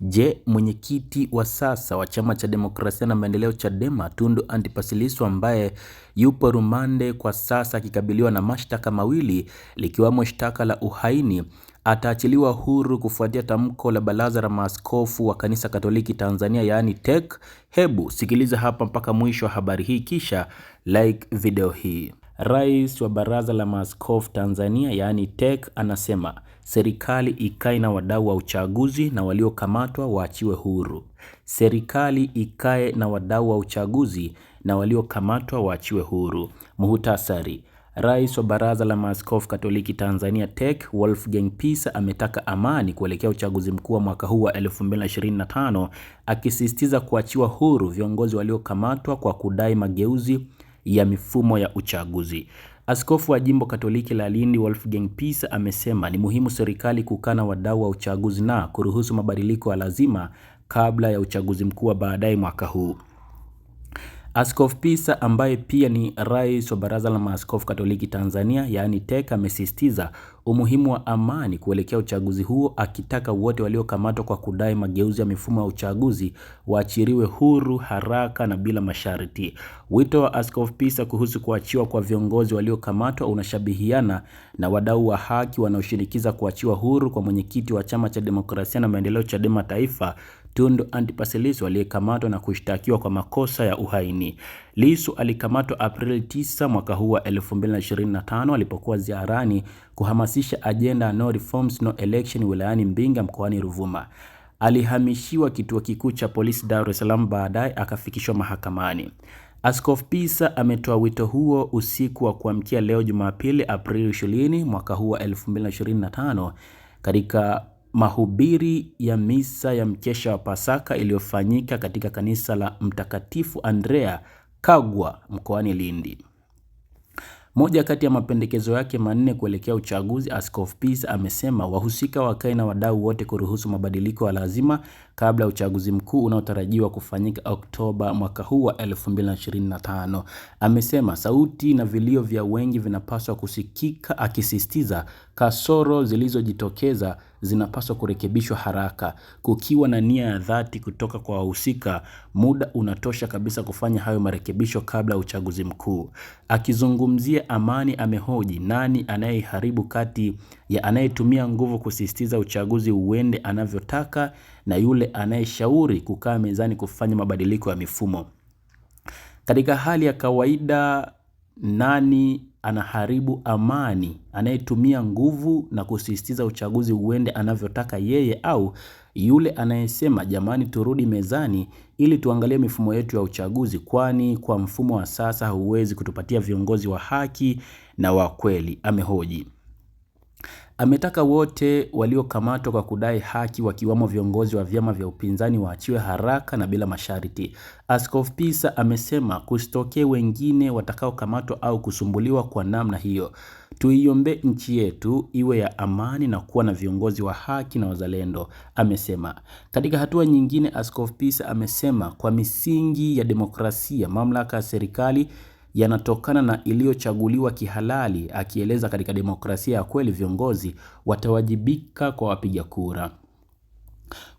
Je, mwenyekiti wa sasa wa chama cha demokrasia na maendeleo Chadema Tundu Antipas Lissu ambaye yupo rumande kwa sasa akikabiliwa na mashtaka mawili likiwemo shtaka la uhaini ataachiliwa huru kufuatia tamko la Baraza la Maaskofu wa Kanisa Katoliki Tanzania yaani TEC. Hebu sikiliza hapa mpaka mwisho wa habari hii kisha like video hii. Rais wa Baraza la Maaskofu Tanzania yaani TEC anasema Serikali ikae na wadau wa uchaguzi na waliokamatwa waachiwe huru. Serikali ikae na wadau wa uchaguzi na waliokamatwa waachiwe huru. Muhutasari. Rais wa Baraza la Maaskofu Katoliki Tanzania TEC Wolfgang Pisa ametaka amani kuelekea uchaguzi mkuu wa mwaka huu wa 2025 akisisitiza kuachiwa huru viongozi waliokamatwa kwa kudai mageuzi ya mifumo ya uchaguzi. Askofu wa jimbo Katoliki la Lindi Wolfgang Pisa amesema ni muhimu serikali kukana wadau wa uchaguzi na kuruhusu mabadiliko ya lazima kabla ya uchaguzi mkuu wa baadaye mwaka huu. Askofu Pisa ambaye pia ni rais wa Baraza la Maaskofu Katoliki Tanzania yaani TEC amesisitiza umuhimu wa amani kuelekea uchaguzi huo, akitaka wote waliokamatwa kwa kudai mageuzi ya mifumo ya uchaguzi waachiriwe huru haraka na bila masharti. Wito wa Askofu Pisa kuhusu kuachiwa kwa viongozi waliokamatwa unashabihiana na wadau wa haki wanaoshinikiza kuachiwa huru kwa mwenyekiti wa Chama cha Demokrasia na Maendeleo, Chadema Taifa, Tundu Antipas Lissu aliyekamatwa na kushtakiwa kwa makosa ya uhaini. Lissu alikamatwa Aprili 9 mwaka huu wa 2025 alipokuwa ziarani kuhamasisha ajenda no reforms no election wilayani Mbinga mkoani Ruvuma. Alihamishiwa kituo kikuu cha polisi Dar es Salaam, baadaye akafikishwa mahakamani. Askofu Pisa ametoa wito huo usiku wa kuamkia leo Jumapili Aprili 20 mwaka huu wa 2025 katika Mahubiri ya misa ya mkesha wa Pasaka iliyofanyika katika kanisa la Mtakatifu Andrea Kagwa mkoani Lindi. Moja kati ya mapendekezo yake manne kuelekea uchaguzi, Askofu Peace amesema wahusika wakae na wadau wote kuruhusu mabadiliko ya lazima kabla ya uchaguzi mkuu unaotarajiwa kufanyika Oktoba mwaka huu wa 2025. Amesema sauti na vilio vya wengi vinapaswa kusikika, akisisitiza kasoro zilizojitokeza zinapaswa kurekebishwa haraka. Kukiwa na nia ya dhati kutoka kwa wahusika, muda unatosha kabisa kufanya hayo marekebisho kabla ya uchaguzi mkuu. Akizungumzia amani, amehoji nani anayeharibu kati ya anayetumia nguvu kusisitiza uchaguzi uende anavyotaka na yule anayeshauri kukaa mezani kufanya mabadiliko ya mifumo. Katika hali ya kawaida nani anaharibu amani, anayetumia nguvu na kusisitiza uchaguzi uende anavyotaka yeye, au yule anayesema jamani, turudi mezani ili tuangalie mifumo yetu ya uchaguzi, kwani kwa mfumo wa sasa huwezi kutupatia viongozi wa haki na wa kweli, amehoji. Ametaka wote waliokamatwa kwa kudai haki wakiwamo viongozi wa vyama vya upinzani waachiwe haraka na bila masharti. Askofu Pisa amesema kusitokee wengine watakaokamatwa au kusumbuliwa kwa namna hiyo. Tuiombe nchi yetu iwe ya amani na kuwa na viongozi wa haki na wazalendo, amesema. Katika hatua nyingine, Askofu Pisa amesema kwa misingi ya demokrasia, mamlaka ya serikali yanatokana na iliyochaguliwa kihalali, akieleza katika demokrasia ya kweli viongozi watawajibika kwa wapiga kura.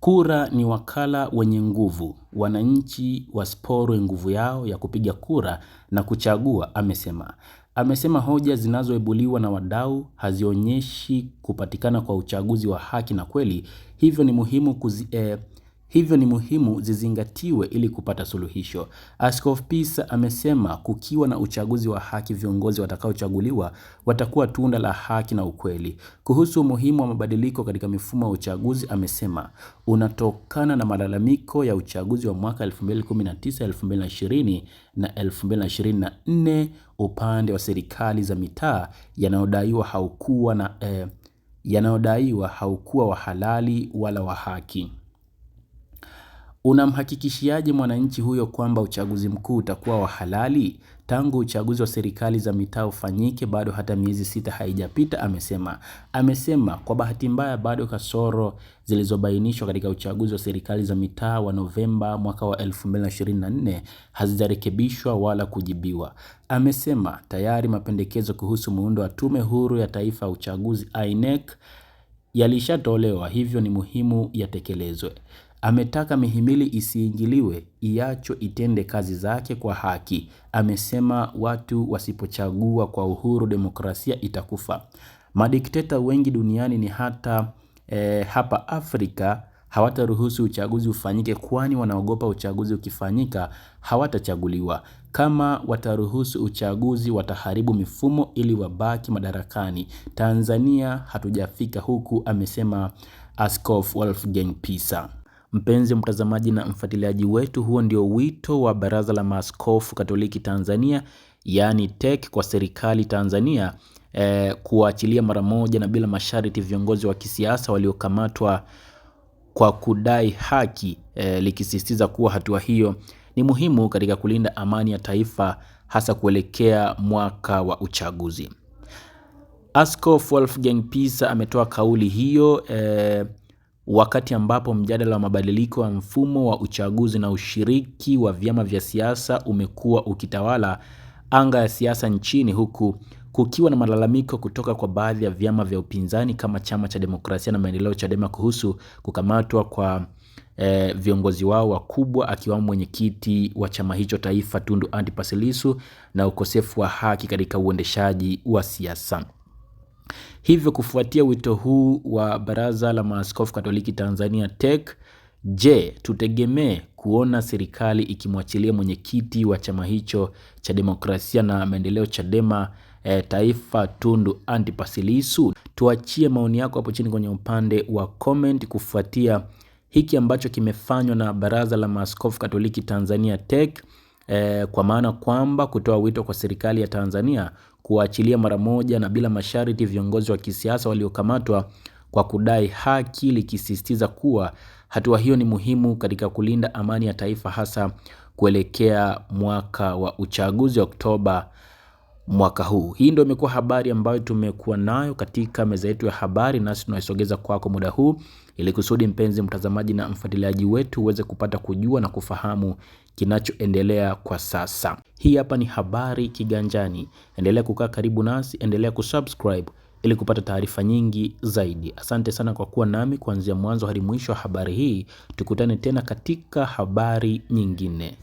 Kura ni wakala wenye nguvu, wananchi wasiporwe nguvu yao ya kupiga kura na kuchagua, amesema. Amesema hoja zinazoibuliwa na wadau hazionyeshi kupatikana kwa uchaguzi wa haki na kweli, hivyo ni muhimu kuzi, eh, hivyo ni muhimu zizingatiwe ili kupata suluhisho. Askofu Pisa amesema kukiwa na uchaguzi wa haki, viongozi watakaochaguliwa watakuwa tunda la haki na ukweli. Kuhusu umuhimu wa mabadiliko katika mifumo ya uchaguzi, amesema unatokana na malalamiko ya uchaguzi wa mwaka 2019, 2020 na 2024 upande wa serikali za mitaa yanayodaiwa haukuwa na eh, yanayodaiwa haukuwa wa halali wala wa haki. Unamhakikishiaje mwananchi huyo kwamba uchaguzi mkuu utakuwa wa halali? Tangu uchaguzi wa serikali za mitaa ufanyike bado hata miezi sita haijapita, amesema. Amesema kwa bahati mbaya bado kasoro zilizobainishwa katika uchaguzi wa serikali za mitaa wa Novemba mwaka wa 2024 hazijarekebishwa wala kujibiwa. Amesema tayari mapendekezo kuhusu muundo wa Tume Huru ya Taifa ya Uchaguzi INEC yalishatolewa, hivyo ni muhimu yatekelezwe. Ametaka mihimili isiingiliwe, iachwe itende kazi zake kwa haki. Amesema watu wasipochagua kwa uhuru, demokrasia itakufa. Madikteta wengi duniani ni hata e, hapa Afrika hawataruhusu uchaguzi ufanyike, kwani wanaogopa uchaguzi ukifanyika hawatachaguliwa. Kama wataruhusu uchaguzi, wataharibu mifumo ili wabaki madarakani. Tanzania hatujafika huku, amesema Askofu Wolfgang Pisa. Mpenzi mtazamaji na mfuatiliaji wetu, huo ndio wito wa Baraza la Maaskofu Katoliki Tanzania, yaani TEC, kwa serikali Tanzania eh, kuwaachilia mara moja na bila masharti viongozi wa kisiasa waliokamatwa kwa kudai haki eh, likisisitiza kuwa hatua hiyo ni muhimu katika kulinda amani ya taifa hasa kuelekea mwaka wa uchaguzi. Askofu Wolfgang Pisa ametoa kauli hiyo eh, wakati ambapo mjadala wa mabadiliko ya mfumo wa uchaguzi na ushiriki wa vyama vya siasa umekuwa ukitawala anga ya siasa nchini huku kukiwa na malalamiko kutoka kwa baadhi ya vyama vya upinzani kama Chama cha Demokrasia na Maendeleo, Chadema, kuhusu kukamatwa kwa e, viongozi wao wakubwa akiwamo mwenyekiti wa chama hicho taifa Tundu Antipas Lissu na ukosefu wa haki katika uendeshaji wa siasa. Hivyo kufuatia wito huu wa Baraza la Maaskofu Katoliki Tanzania TEC, je, tutegemee kuona serikali ikimwachilia mwenyekiti wa chama hicho cha demokrasia na maendeleo Chadema e, taifa Tundu Antipas Lissu? Tuachie maoni yako hapo chini kwenye upande wa comment kufuatia hiki ambacho kimefanywa na Baraza la Maaskofu Katoliki Tanzania TEC e, kwa maana kwamba kutoa wito kwa serikali ya Tanzania kuwaachilia mara moja na bila masharti viongozi wa kisiasa waliokamatwa kwa kudai haki, likisisitiza kuwa hatua hiyo ni muhimu katika kulinda amani ya taifa hasa kuelekea mwaka wa uchaguzi wa Oktoba mwaka huu. Hii ndio imekuwa habari ambayo tumekuwa nayo katika meza yetu ya habari, nasi tunaisogeza kwako muda huu ili kusudi mpenzi mtazamaji na mfuatiliaji wetu uweze kupata kujua na kufahamu kinachoendelea kwa sasa. Hii hapa ni Habari Kiganjani. Endelea kukaa karibu nasi, endelea kusubscribe ili kupata taarifa nyingi zaidi. Asante sana kwa kuwa nami kuanzia mwanzo hadi mwisho wa habari hii. Tukutane tena katika habari nyingine.